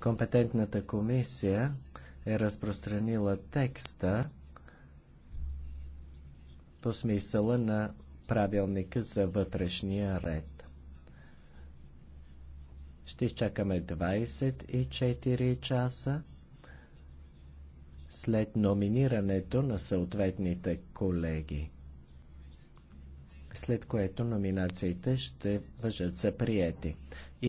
Компетентната комисия е разпространила текста по смисъла на правилника за вътрешния ред. Ще изчакаме 24 часа след номинирането на съответните колеги, след което номинациите ще въжат за приети.